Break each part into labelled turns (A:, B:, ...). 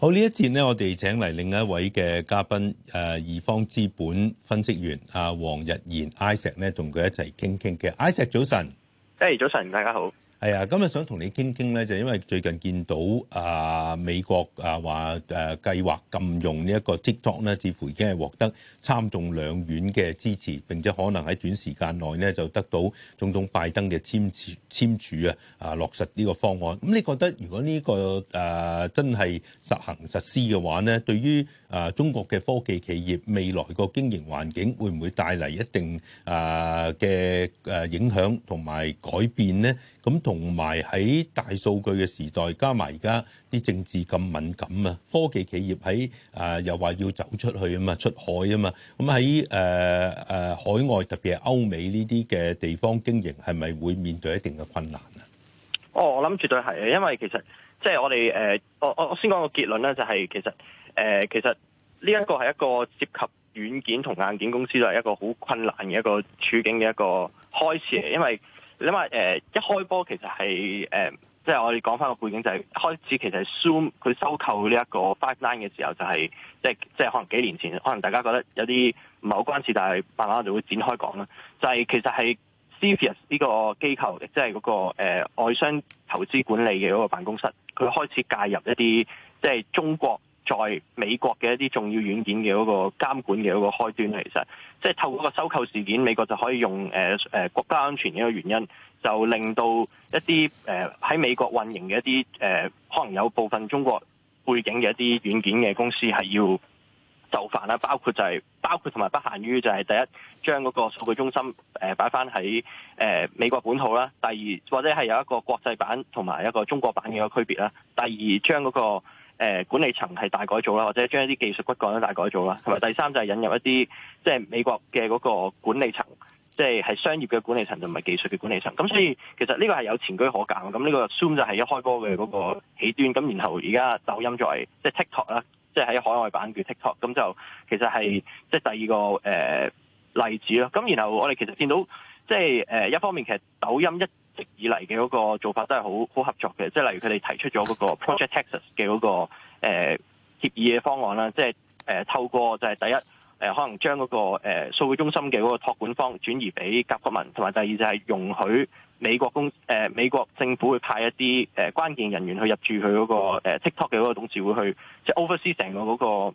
A: 好呢一節咧，我哋請嚟另一位嘅嘉賓，誒、啊、易方資本分析員阿王、啊、逸研，Isaac 咧，同佢一齊傾傾嘅。Isaac，早晨，
B: 誒、hey，早晨，大家好。
A: 係啊，今日想同你傾傾咧，就係、因為最近見到啊美國啊話誒計劃禁用呢一個 TikTok 咧，似乎已經係獲得參眾兩院嘅支持，並且可能喺短時間內咧就得到總統拜登嘅簽簽署啊啊落實呢個方案。咁你覺得如果呢個誒、啊、真係實行實施嘅話咧，對於？啊！中國嘅科技企業未來個經營環境會唔會帶嚟一定啊嘅誒影響同埋改變咧？咁同埋喺大數據嘅時代，加埋而家啲政治咁敏感啊，科技企業喺啊又話要走出去啊嘛，出海啊嘛，咁喺誒誒海外特別係歐美呢啲嘅地方經營係咪會面對一定嘅困難啊？
B: 哦，我諗絕對係啊，因為其實即係我哋誒，我我我先講個結論咧，就係其實。誒，其實呢一個係一個涉及軟件同硬件公司，就係一個好困難嘅一個處境嘅一個開始嚟。因為諗下，誒一開波其實係，誒即係我哋講翻個背景就係，開始其實係 Zoom 佢收購呢一個 Five9 嘅時候，就係即係即係可能幾年前，可能大家覺得有啲唔係好關事，但係慢慢就會展開講啦。就係其實係 CFIUS 呢個機構，即係嗰個誒外商投資管理嘅嗰個辦公室，佢開始介入一啲即係中國。在美國嘅一啲重要軟件嘅嗰個監管嘅嗰個開端，其實即係透過個收購事件，美國就可以用誒誒、呃呃、國家安全嘅一個原因，就令到一啲誒喺美國運營嘅一啲誒、呃、可能有部分中國背景嘅一啲軟件嘅公司係要就範啦。包括就係、是、包括同埋不限於就係第一，將嗰個數據中心誒擺翻喺誒美國本土啦；第二或者係有一個國際版同埋一個中國版嘅一個區別啦；第二將嗰、那個。誒管理層係大改組啦，或者將一啲技術骨幹都大改組啦，同埋第三就係引入一啲即係美國嘅嗰個管理層，即係係商業嘅管理層同埋技術嘅管理層。咁所以其實呢個係有前車可鑒。咁呢個 Zoom 就係一開波嘅嗰個起端。咁然後而家抖音作為即係 TikTok 啦，即係喺海外版嘅 TikTok，咁就其實係即係第二個呃例子咯。咁然後我哋其實見到即係呃一方面其實抖音一。直以嚟嘅嗰個做法都係好好合作嘅，即係例如佢哋提出咗嗰個 Project Texas 嘅嗰、那個誒協、呃、議嘅方案啦，即係誒透過就係第一誒、呃、可能將嗰、那個誒數據中心嘅嗰個託管方轉移俾甲骨文，同埋第二就係容許美國公誒、呃、美國政府會派一啲誒、呃、關鍵人員去入住佢嗰、那個誒、呃、TikTok 嘅嗰個董事會去，即、就、係、是、oversee 成個嗰、那個誒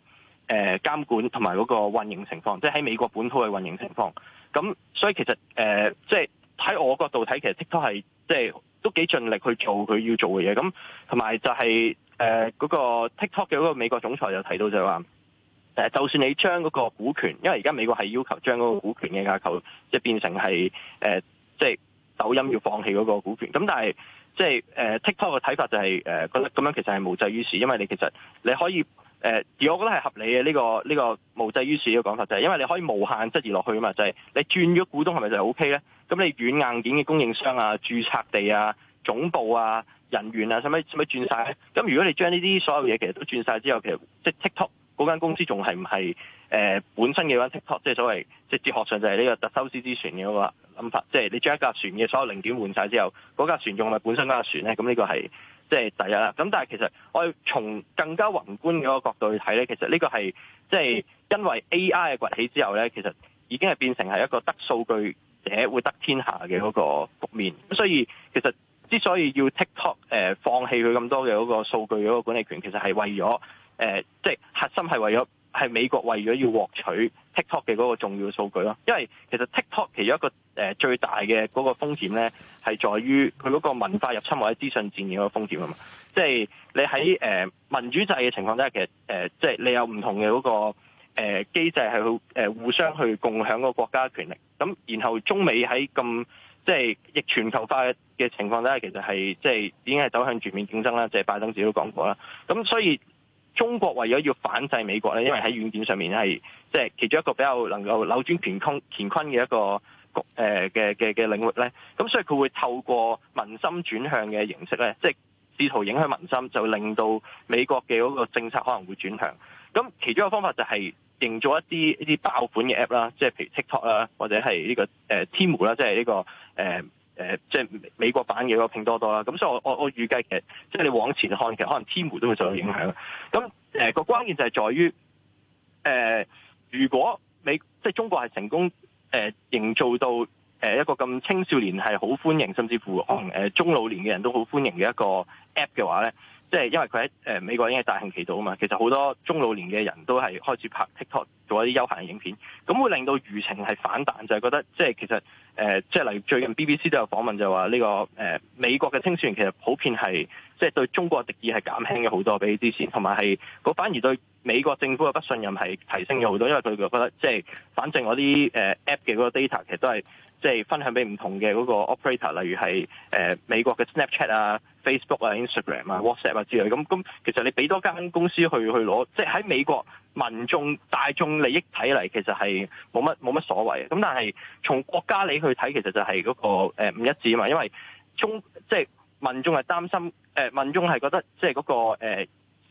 B: 監、呃、管同埋嗰個運營情況，即係喺美國本土嘅運營情況。咁所以其實誒、呃、即係。喺我角度睇，其實 TikTok 係即係都幾盡力去做佢要做嘅嘢。咁同埋就係誒嗰個 TikTok 嘅嗰個美國總裁就提到就係話誒，就算你將嗰個股權，因為而家美國係要求將嗰個股權嘅架構即係變成係誒，即、呃、係、就係、抖音要放棄嗰個股權。咁但係即係誒 TikTok 嘅睇法就係、係、誒覺得咁樣其實係無濟於事，因為你其實你可以。誒、呃，而我覺得係合理嘅呢、這個呢、這個無濟於事嘅講法就係、是，因為你可以無限質疑落去啊嘛，就係、是、你轉咗股東係咪就係 O K 咧？咁你軟硬件嘅供應商啊、註冊地啊、總部啊、人員啊，使咪使咪轉曬咧？咁如果你將呢啲所有嘢其實都轉晒之後，其實即係、就是、TikTok 嗰間公司仲係唔係誒本身嘅話，TikTok 即係所謂即係哲學上就係呢個特修斯之船嘅個諗法，即、就、係、是、你將一架船嘅所有零件換晒之後，嗰架船用咪本身嗰架船咧？咁呢個係。即係第一啦，咁但係其實我從更加宏觀嗰個角度去睇咧，其實呢個係即係因為 A.I. 嘅崛起之後咧，其實已經係變成係一個得數據者會得天下嘅嗰個局面，所以其實之所以要 TikTok 誒放棄佢咁多嘅嗰個數據嗰個管理權，其實係為咗誒，即係核心係為咗。係美國為咗要獲取 TikTok 嘅嗰個重要數據咯，因為其實 TikTok 其中一個誒最大嘅嗰個風險咧，係在於佢嗰個文化入侵或者資訊戰嘅一個風險啊嘛。即係你喺誒民主制嘅情況底下，其實誒即係你有唔同嘅嗰個誒機制係去誒互相去共享個國家的權力。咁然後中美喺咁即係逆全球化嘅情況底下，其實係即係已經係走向全面競爭啦。即係拜登自己都講過啦。咁所以。中國為咗要反制美國咧，因為喺軟件上面係即係其中一個比較能夠扭轉乾坤乾坤嘅一個國誒嘅嘅嘅領域咧。咁所以佢會透過民心轉向嘅形式咧，即係試圖影響民心，就令到美國嘅嗰個政策可能會轉向。咁其中一個方法就係營造一啲一啲爆款嘅 app 啦，即係譬如 TikTok 啦，或者係呢個誒 TikTok 啦，即係呢個誒。誒，即係美國版嘅嗰個拼多多啦，咁所以我我我預計其實，即係你往前看，其實可能 Temu 都會受到影響。咁、那、誒個關鍵就係在於，誒、呃、如果美即係中國係成功誒、呃、營造到誒一個咁青少年係好歡迎，甚至乎可能誒中老年嘅人都好歡迎嘅一個 App 嘅話咧。即係因為佢喺美國已經係大行其道啊嘛，其實好多中老年嘅人都係開始拍 TikTok 做一啲休閒影片，咁會令到輿情係反彈，就係、是、覺得即係其實誒、呃，即係例如最近 BBC 都有訪問就話呢、這個、呃、美國嘅青少年其實普遍係即係對中國敵意係減輕咗好多比起之前，同埋係反而對美國政府嘅不信任係提升咗好多，因為佢哋覺得即係反正我啲 App 嘅嗰個 data 其實都係。即、就、係、是、分享俾唔同嘅嗰個 operator，例如係誒、呃、美國嘅 Snapchat 啊、Facebook 啊、Instagram 啊、WhatsApp 啊之類咁。咁、嗯嗯、其實你俾多間公司去去攞，即係喺美國民眾大眾利益睇嚟，其實係冇乜冇乜所謂。咁但係從國家你去睇，其實就係嗰、那個唔、呃、一致啊嘛。因為中即係、就是、民眾係擔心，誒、呃、民眾係覺得即係嗰個消、呃、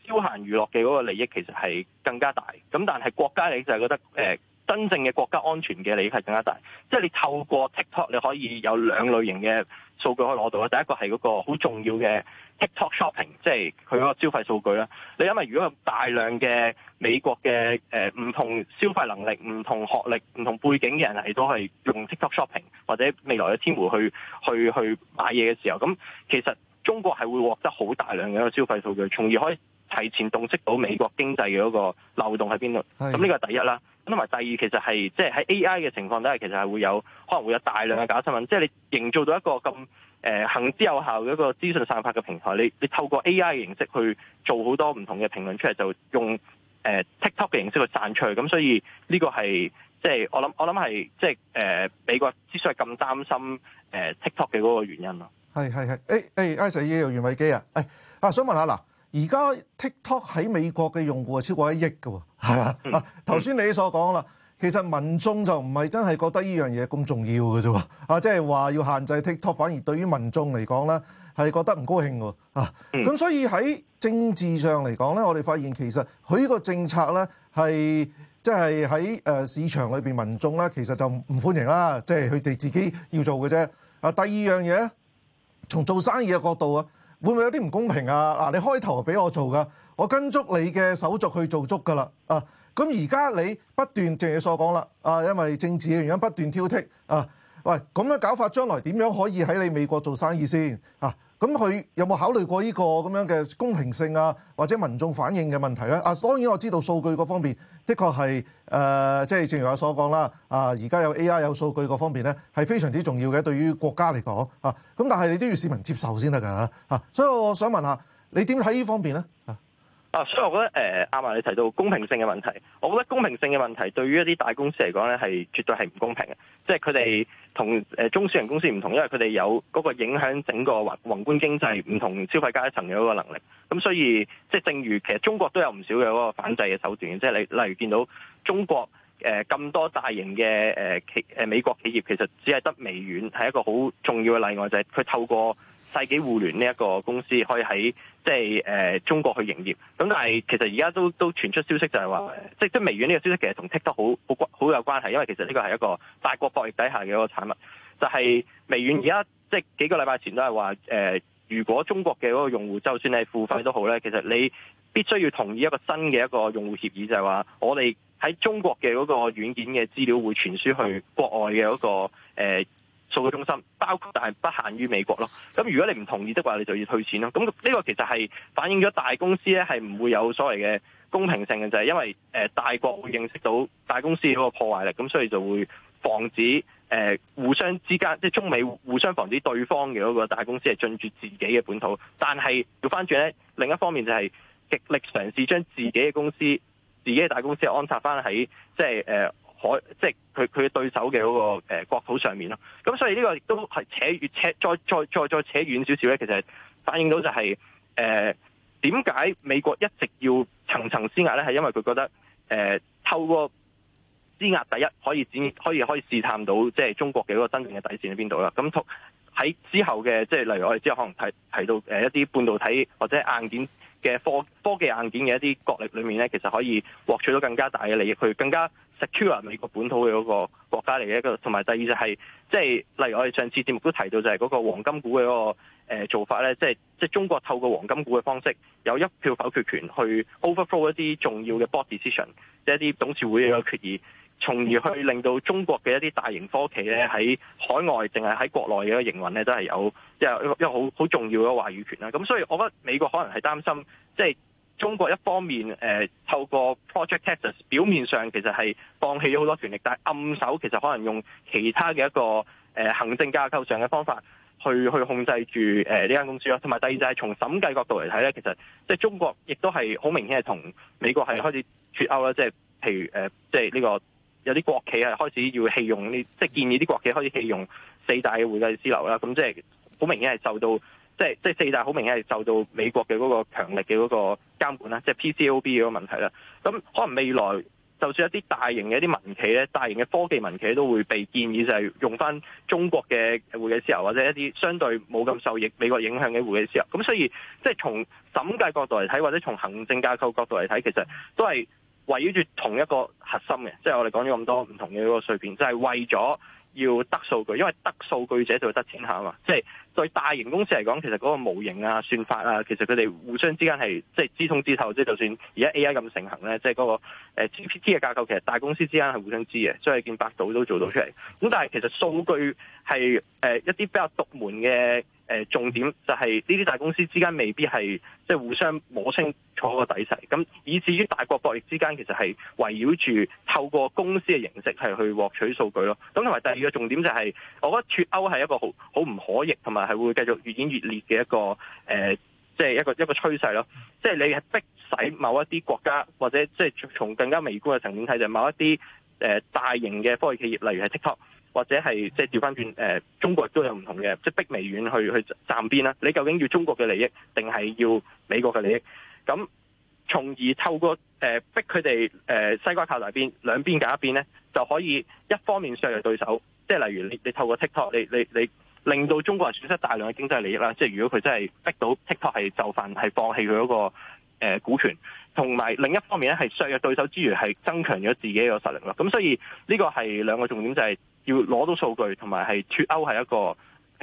B: 閒娛樂嘅嗰個利益其實係更加大。咁但係國家你就係覺得誒、呃真正嘅國家安全嘅利益係更加大，即係你透過 TikTok 你可以有兩類型嘅數據可以攞到啦。第一個係嗰個好重要嘅 TikTok shopping，即係佢嗰個消費數據啦。你因為如果有大量嘅美國嘅誒唔同消費能力、唔同學歷、唔同背景嘅人係都係用 TikTok shopping 或者未來嘅天湖去去去買嘢嘅時候，咁其實中國係會獲得好大量嘅一個消費數據，從而可以提前洞悉到美國經濟嘅嗰個漏洞喺邊度。咁呢個係第一啦。咁同埋第二其實係即係喺 A.I. 嘅情況底下，其實係會有可能會有大量嘅假新聞。即、就、係、是、你營造到一個咁誒、呃、行之有效嘅一個資訊散發嘅平台，你你透過 A.I. 形式去做好多唔同嘅評論出嚟，就用誒、呃、TikTok 嘅形式去賺出去。咁所以呢個係即係我諗我諗係即係誒美國之所以咁擔心誒、呃、TikTok 嘅嗰個原因咯。
C: 係係係。誒誒，阿逸研用原位基啊。誒、欸、啊，想問下嗱。而家 TikTok 喺美國嘅用戶係超過一億㗎喎，係、嗯、啊，頭先你所講啦，其實民眾就唔係真係覺得呢樣嘢咁重要㗎啫喎，啊，即係話要限制 TikTok，反而對於民眾嚟講咧係覺得唔高興㗎，啊，咁所以喺政治上嚟講咧，我哋發現其實佢呢個政策咧係即係喺誒市場裏邊民眾咧其實就唔歡迎啦，即係佢哋自己要做嘅啫。啊，第二樣嘢，從做生意嘅角度啊。會唔會有啲唔公平啊？嗱，你開頭俾我做噶，我跟足你嘅手續去做足噶啦啊！咁而家你不斷正如所講啦啊，因為政治嘅原因不斷挑剔啊！喂，咁樣搞法將來點樣可以喺你美國做生意先啊？咁佢有冇考慮過呢個咁樣嘅公平性啊，或者民眾反應嘅問題呢？啊，當然我知道數據嗰方面，的確係誒，即、呃、係、即係、正如我所講啦，啊，而家有 A.I. 有數據嗰方面呢，係非常之重要嘅，對於國家嚟講啊。咁但係你都要市民接受先得㗎啊，所以我想問下你點睇呢方面呢？啊。
B: 啊，所以我覺得誒、呃、亞馬你提到公平性嘅問題，我覺得公平性嘅問題對於一啲大公司嚟講咧係絕對係唔公平嘅，即係佢哋同中小型公司唔同，因為佢哋有嗰個影響整個宏宏觀經濟唔同消費階層嘅嗰個能力。咁所以即係、就是、正如其實中國都有唔少嘅嗰個反制嘅手段，即、就、係、是、你，例如見到中國誒咁、呃、多大型嘅誒企美國企業其實只係得微軟係一個好重要嘅例外，就係、是、佢透過。世紀互聯呢一個公司可以喺即係誒中國去營業，咁但係其實而家都都傳出消息就係話，Oh. 即係即係微軟呢個消息其實同 TikTok 好好好有關係，因為其實呢個係一個大國博弈底下嘅一個產物。就係、是、微軟而家即係幾個禮拜前都係話，誒、呃、如果中國嘅嗰個用戶就算係付費都好咧，其實你必須要同意一個新嘅一個用戶協議，就係、是、話我哋喺中國嘅嗰個軟件嘅資料會傳輸去國外嘅嗰、那個誒。呃數據中心，包括但係不限於美國咯。咁如果你唔同意的話，你就要退錢咯。咁呢個其實係反映咗大公司咧係唔會有所謂嘅公平性嘅，就係、是、因為、呃、大國會認識到大公司嗰個破壞力，咁所以就會防止、呃、互相之間，即係中美互相防止對方嘅嗰個大公司係進駐自己嘅本土。但係要翻轉咧，另一方面就係極力嘗試將自己嘅公司、自己嘅大公司安插翻喺即係海即係佢、佢嘅對手嘅嗰個誒國土上面咯，咁所以呢個亦都係扯、越扯，再再再再扯遠少少咧，其實反映到就係誒點解美國一直要層層施壓咧？係因為佢覺得誒、呃、透過施壓，第一可以展可以可以試探到即係中國嘅嗰個真正嘅底線喺邊度啦。咁從喺之後嘅即係例如我哋之後可能提提到誒一啲半導體或者硬件嘅科科技硬件嘅一啲角力裏面咧，其實可以獲取到更加大嘅利益，去更加。secure 美國本土嘅嗰個國家嚟嘅一個，同埋第二就係即係例如我哋上次節目都提到，就係嗰個黃金股嘅嗰、嗰個、呃、做法咧，即係即係中國透過黃金股嘅方式，有一票否決權去 overflow 一啲重要嘅 board decision，即係一啲董事會嘅決議，從而去令到中國嘅一啲大型科技咧喺海外淨係喺國內嘅營運咧都係有即係、即係、一個好好重要嘅話語權啦。咁所以我覺得美國可能係擔心即係、即係中國一方面，誒、呃、透過 Project Texas，表面上其實係放棄咗好多權力，但係暗手其實可能用其他嘅一個誒、呃、行政架構上嘅方法去去控制住誒呢間公司咯。同埋第二就係從審計角度嚟睇咧，其實即係中國亦都係好明顯係同美國係開始脱歐啦。即係譬如誒，即係呢個有啲國企係開始要棄用呢，即係建議啲國企開始棄用四大嘅會計師樓啦。咁即係好明顯係受到。即係即係四大好明顯係受到美國嘅嗰個強力嘅嗰個監管啦，即係 PCOB 嗰個問題啦。咁可能未來就算一啲大型嘅一啲民企咧，大型嘅科技民企都會被建議就係用翻中國嘅會計師啊，或者一啲相對冇咁受美國影響嘅會計師啊。咁所以即係從審計角度嚟睇，或者從行政架構角度嚟睇，其實都係圍繞住同一個核心嘅。即係我哋講咗咁多唔同嘅個碎片，即係為咗。要得數據，因為得數據者就會得天下啊嘛！即係對大型公司嚟講，其實嗰個模型啊、算法啊，其實佢哋互相之間係即係知通知透。即係就算而家 AI 咁成行咧，即係嗰個 GPT 嘅架構，其實大公司之間係互相知嘅，所以見百度都做到出嚟。咁但係其實數據係誒一啲比較獨門嘅。誒重點就係呢啲大公司之間未必係即係互相摸清楚個底細，咁以至於大國博弈之間其實係圍繞住透過公司嘅形式去獲取數據咯。咁同埋第二個重點就係，我覺得脫歐係一個好好唔可逆，同埋係會繼續越演越烈嘅一個誒，即係一個一個趨勢咯。即係你係逼使某一啲國家，或者即係從更加微觀嘅層面睇，就係某一啲誒大型嘅科技企業，例如係 TikTok 或者係即係調翻轉誒，中國都有唔同嘅，即係逼微軟去去站邊啦。你究竟要中國嘅利益，定係要美國嘅利益？咁從而透過誒逼佢哋誒西瓜靠大邊，兩邊夾一邊咧，就可以一方面削弱對手，即係例如你你透過 TikTok，你你你令到中國人損失大量嘅經濟利益啦。即係如果佢真係逼到 TikTok 係就範，係放棄佢嗰個誒股權，同埋另一方面咧係削弱對手之餘係增強咗自己嘅實力啦。咁所以呢個係兩個重點就係、是。要攞到數據，同埋係脫歐係一個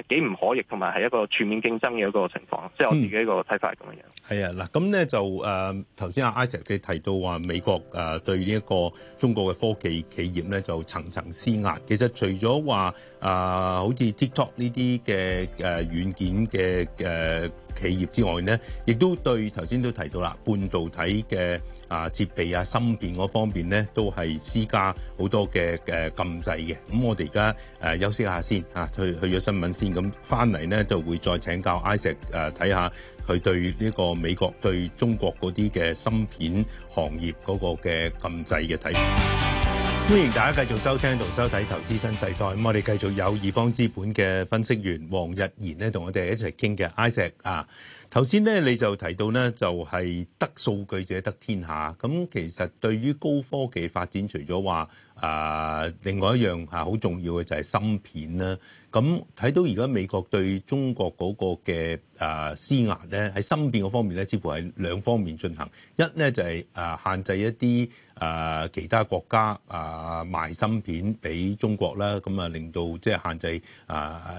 B: 幾唔可逆，同埋係一個全面競爭嘅一個情況，即係我自己一個睇法係咁樣。
A: 啊、嗯，嗱咁咧就誒頭先阿 I 石佢提到話美國誒對呢一個中國嘅科技企業咧就層層施壓。其實除咗話啊，好似 TikTok 呢啲嘅誒軟件嘅、呃、企業之外咧，亦都對頭先都提到啦，半導體嘅啊設備啊芯片嗰方面咧都係施加好多嘅禁制嘅。咁我哋而家休息下先、啊、去去咗新聞先，咁翻嚟咧就會再請教 I a 誒睇下佢對呢、這個。美國對中國嗰啲嘅芯片行業嗰個嘅禁制嘅睇法，歡迎大家繼續收聽同收睇《投資新世代》。咁我哋繼續有易方資本嘅分析員黃日賢咧，同我哋一齊傾嘅 I 石啊。頭先咧，你就提到呢就係得數據者得天下。咁其實對於高科技發展，除咗話啊，另外一樣啊好重要嘅就係芯片啦。咁睇到而家美國對中國嗰個嘅啊施壓咧，喺芯片嗰方面咧，似乎係兩方面進行。一咧就係啊限制一啲啊其他國家啊賣芯片俾中國啦，咁啊令到即係限制啊啊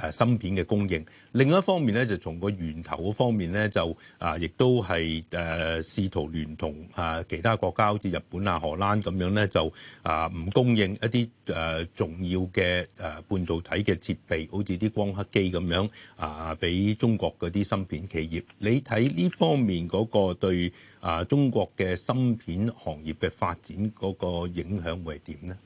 A: 啊芯片嘅供應。另一方面咧，就從個源頭嗰方面咧，就啊亦都係誒試圖聯同啊其他國家，好似日本啊、荷蘭咁樣咧，就啊，唔供應一啲誒重要嘅誒半導體嘅設備，好似啲光刻機咁樣啊，俾中國嗰啲芯片企業。你睇呢方面嗰個對啊中國嘅芯片行業嘅發展嗰個影響會係點呢？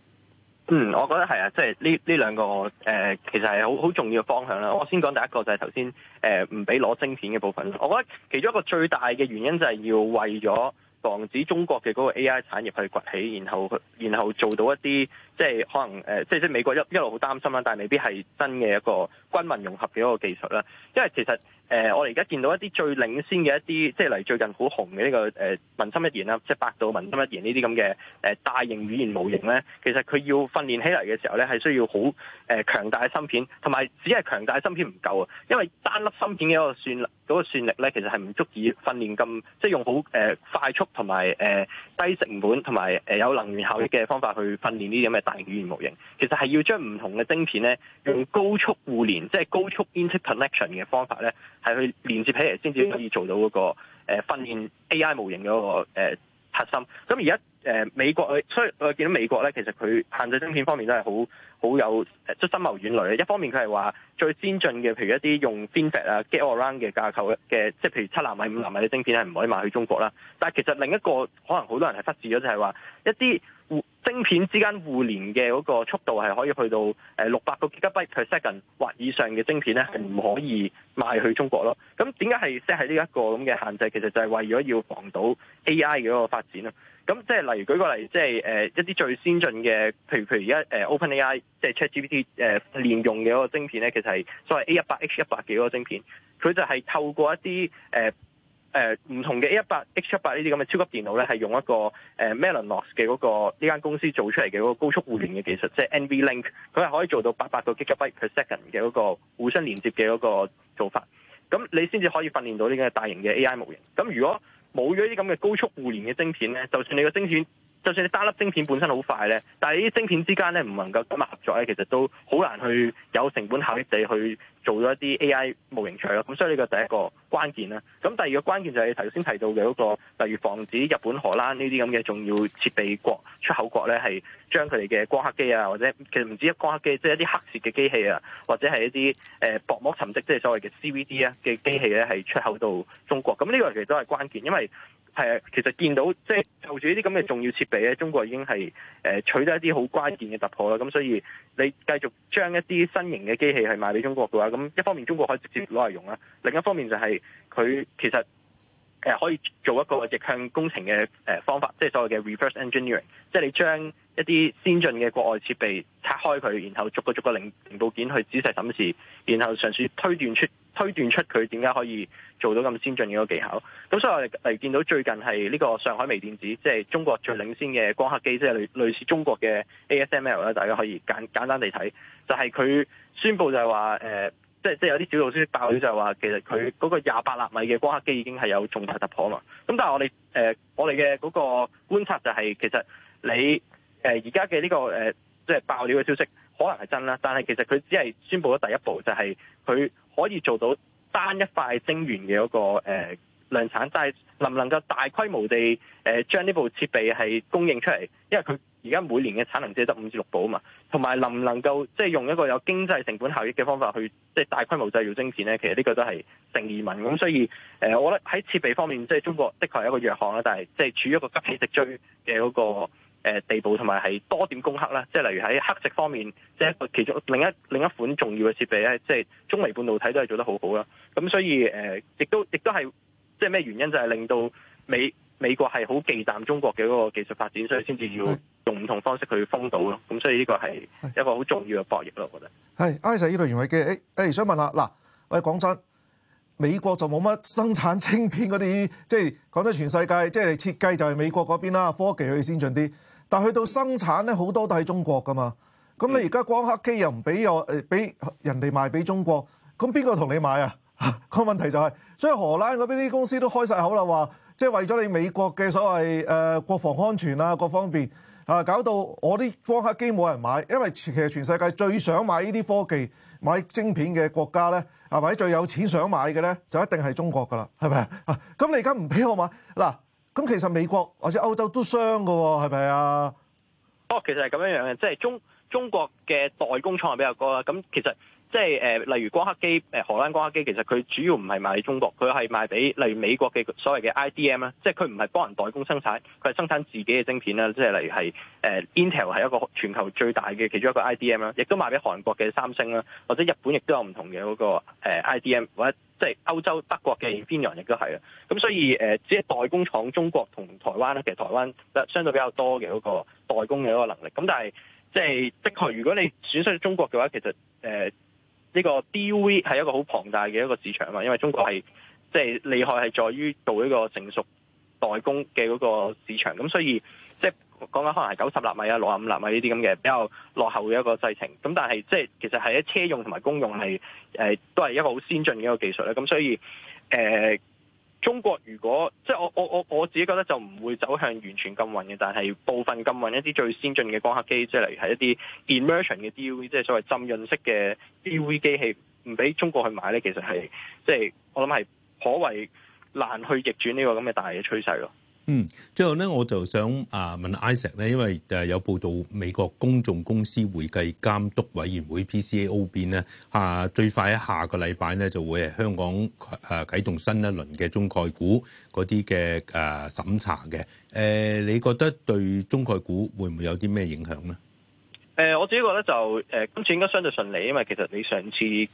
A: 嗯，
B: 我覺得係啊，即係呢呢兩個、呃、其實係好好重要嘅方向啦。我先講第一個就係頭先誒唔俾攞晶片嘅部分。我覺得其中一個最大嘅原因就係要為咗，防止中國嘅嗰個 AI 產業去崛起，然後然後做到一啲即係可能誒、呃，即係即係美國一一路好擔心啦，但係未必係真嘅一個軍民融合嘅一個技術啦，因為其實。誒、呃，我哋而家見到一啲最領先嘅一啲，即係嚟最近好紅嘅呢、這個誒，文、呃、心一言啦，即係百度文心一言呢啲咁嘅誒大型語言模型咧，其實佢要訓練起嚟嘅時候咧，係需要好誒、呃、強大嘅芯片，同埋只係強大芯片唔夠啊，因為單粒芯片嘅一個算嗰、嗰個、算力咧，其實係唔足以訓練咁，即、就、係、是、用好誒、呃、快速同埋誒低成本同埋誒有能源效益嘅方法去訓練呢啲咁嘅大型語言模型，其實係要將唔同嘅晶片咧，用高速互聯，即、就、係、是、高速 interconnection 嘅方法咧。係去連接起嚟先至可以做到嗰個誒訓練 AI 模型嗰個誒核心。咁而家誒美國去，所以我見到美國咧，其實佢限制晶片方面都係好好有誒，即深謀遠慮啊。一方面佢係話最先進嘅，譬如一啲用 FinFET 啊、Gate All Around 嘅架構嘅，即係譬如七納米、五納米嘅晶片係唔可以賣去中國啦。但係其實另一個可能好多人係忽視咗，就係、是、話一啲。晶片之間互聯嘅嗰個速度係可以去到誒六百個 Gbps 或以上嘅晶片咧，係唔可以賣去中國咯。咁點解係 set 喺呢一個咁嘅限制？其實就係為咗要防到 AI 嘅嗰個發展啦。咁即係例如舉個例，即係誒一啲最先進嘅，譬如譬如而家誒 OpenAI 即係 ChatGPT 誒、呃、連用嘅嗰個晶片咧，其實係所謂 A 一百 H 一百幾嗰個晶片，佢就係透過一啲誒。呃誒、呃、唔同嘅 A 一百 H 一百呢啲咁嘅超級電腦咧，係用一個、呃、Mellanox 嘅嗰、嗰個呢間公司做出嚟嘅嗰個高速互聯嘅技術，即係 NVLink，佢係可以做到八百個 Gigabyte per second 嘅嗰個互相連接嘅嗰個做法。咁你先至可以訓練到呢啲大型嘅 AI 模型。咁如果冇咗啲咁嘅高速互聯嘅晶片咧，就算你個晶片，就算你單粒晶片本身好快咧，但係呢啲晶片之間咧唔能夠咁合作咧，其實都好難去有成本效益地去做咗一啲 AI 模型採咯。咁所以呢個第一個關鍵啦。咁第二個關鍵就係你頭先提到嘅嗰個，例如防止日本、荷蘭呢啲咁嘅重要設備國出口國咧，係將佢哋嘅光刻機啊，或者其實唔止一光刻機，即係一啲刻蝕嘅機器啊，或者係一啲誒薄膜沉積，即係所謂嘅 CVD 啊嘅機器咧，係出口到中國。咁呢個其實都係關鍵，因為。係啊，其實見到即係就住呢啲咁嘅重要設備咧，中國已經係誒、呃、取得一啲好關鍵嘅突破啦。咁所以你繼續將一啲新型嘅機器係賣俾中國嘅話，咁一方面中國可以直接攞嚟用啦，另一方面就係佢其實。誒、呃、可以做一個逆向工程嘅、呃、方法，即係所謂嘅 reverse engineering，即係你將一啲先進嘅國外設備拆開佢，然後逐個逐個零零部件去仔細審視，然後嘗試推斷出推斷出佢點解可以做到咁先進嘅一個技巧。咁所以我哋見到最近係呢個上海微電子，即係中國最領先嘅光刻機，即係類，類似中國嘅 ASML 啦。大家可以簡簡單地睇，就係佢宣布就係話誒即係即係有啲小道消息爆料就係話，其實佢嗰個廿八納米嘅光刻機已經係有重大突破啊嘛！咁但係我哋誒我哋嘅嗰個觀察就係，其實你誒而家嘅呢個誒、呃、即係爆料嘅消息可能係真啦，但係其實佢只係宣布咗第一步，就係佢可以做到單一塊晶圓嘅嗰個、呃、量產，但係能唔能夠大規模地誒將呢部設備係供應出嚟？因為佢而家每年嘅產能只係得五至六部啊嘛，同埋能唔能夠即係用一個有經濟成本效益嘅方法去即係大規模製造晶片咧？其實呢個都係成疑問。咁所以誒，我覺得喺設備方面，即係中國的確係一個弱項啦，但係即係處於一個急起直追嘅嗰個地步，同埋係多點攻克啦。即係例如喺刻蝕方面，即係一個其中另一另一款重要嘅設備咧，即係中微半導體都係做得好好啦。咁所以誒，呃，亦都亦都係即係咩原因就係令到美美國係好忌憚中國嘅嗰個技術發展，所以先至要用唔同方式去封堵咯。咁所以呢個係一個好重要嘅博
C: 弈咯，我覺得。係，I 世呢度袁偉傑，誒，誒、欸欸，想問下嗱，喂，講、欸、真，美國就冇乜生產晶片嗰啲，即係講真，全世界即係設計就係美國嗰邊啦，科技佢先進啲。但係去到生產咧，好多都喺中國㗎嘛。咁你而家光刻機又唔俾我，誒，俾人哋賣俾中國，咁邊個同你買啊？個 問題就係、是，所以荷蘭嗰邊啲公司都開晒口啦，話。即係為咗你美國嘅所謂誒、呃、國防安全啊，各方面啊搞到我啲光刻機冇人買，因為其實全世界最想買呢啲科技、買晶片嘅國家咧，係、啊、咪最有錢想買嘅咧？就一定係中國噶啦，係咪？咁、啊、你而家唔俾我買嗱，咁、啊、其實美國或者歐洲都傷噶喎，係咪啊？
B: 哦，其實係咁樣樣嘅，即係中中國嘅代工廠係比較高啦，咁其實。即係誒，例如光刻機，誒荷蘭光刻機其實佢主要唔係賣俾中國，佢係賣俾例如美國嘅所謂嘅 IDM 啦，即係佢唔係幫人代工生產，佢係生產自己嘅晶片啦，即係例如係誒 Intel 係一個全球最大嘅其中一個 IDM 啦，亦都賣俾韓國嘅三星啦，或者日本亦都有唔同嘅嗰個 IDM 或者即係歐洲德國嘅編陽亦都係啊。咁所以誒，只係代工廠中國同台灣咧，其實台灣相對比較多嘅嗰個代工嘅嗰個能力。咁但係即係的確，如果你損失中國嘅話，其實誒。呃呢、這個 DUV 係一個好龐大嘅一個市場啊嘛，因為中國係即係厲害係在於做呢個成熟代工嘅嗰個市場，咁所以即係講緊可能係九十納米啊、六十五納米呢啲咁嘅比較落後嘅一個製程，咁但係即係其實係喺車用同埋公用係誒都係一個好先進嘅一個技術咧，咁所以誒。呃中國如果即係我我我我自己覺得就唔會走向完全禁運嘅，但係部分禁運一啲最先進嘅光刻機，即係例如係一啲 immersion 嘅 DUV，即係所謂浸潤式嘅 DUV 機器，唔俾中國去買咧，其實係即係、即係、我諗係可謂難去逆轉呢個咁嘅大嘅趨勢咯。
A: 嗯，最後咧，我就想啊問 Isaac 咧，因為誒有報道美國公眾公司會計監督委員會 PCAOB 咧，啊，最快喺下個禮拜咧就會係香港誒啟動新一輪嘅中概股嗰啲嘅誒審查嘅。誒、啊，你覺得對中概股會唔會有啲咩影響呢？誒、
B: 呃，我自己覺得就誒、呃，今次應該相對順利，因為其實你上次誒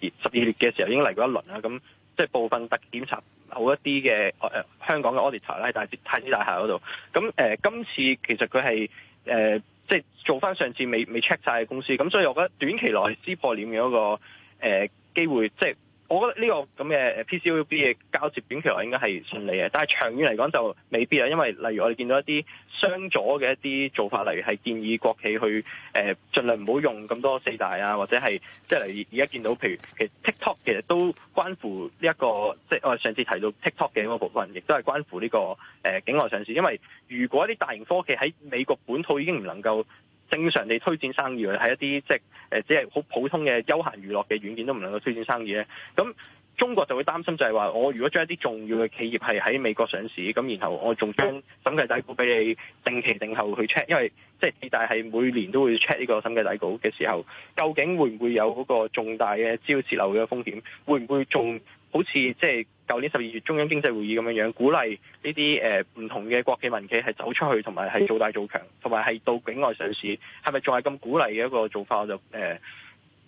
B: 十二月嘅時候已經嚟過一輪啦，咁、嗯。即係部分特檢查好一啲嘅、呃、香港嘅 auditor 啦，喺大紫太子大廈嗰度。咁誒、呃，今次其實佢係誒，即、呃、係、就是、做翻上次未未 check 晒嘅公司。咁所以我覺得短期內撕破臉嘅嗰個誒、呃、機會，即、就是我覺得呢個咁嘅 PCAOB 嘅交接短期嚟講應該係順利嘅，但係長遠嚟講就未必啊。因為例如我哋見到一啲相左嘅一啲做法，例如係建議國企去誒盡量唔好用咁多四大啊，或者係即係例如而家見到譬如其實 TikTok 其實都關乎呢、這、一個即係我上次提到 TikTok 嘅嗰部分，亦都係關乎呢、這個誒、呃、境外上市。因為如果啲大型科技喺美國本土已經唔能夠。正常你推展生意，係一啲即係誒，只係好普通嘅休閒娛樂嘅軟件都唔能夠推展生意咧。咁中國就會擔心就係話，我如果將一啲重要嘅企業係喺美國上市，咁然後我仲將審計底稿俾你定期定後去 check，因為即係美大係每年都會 check 呢個審計底稿嘅時候，究竟會唔會有嗰個重大嘅資料泄漏嘅風險？會唔會仲好似即係？就是舊年十二月中央經濟會議咁樣樣，鼓勵呢啲誒唔同嘅國企、民企係走出去，同埋係做大做強，同埋係到境外上市，係咪仲係咁鼓勵嘅一個做法？我就誒、呃、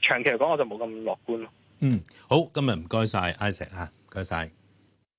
B: 長期嚟講，我就冇咁樂觀咯。
A: 嗯，好，今日唔該晒，Isaac 啊，唔該曬。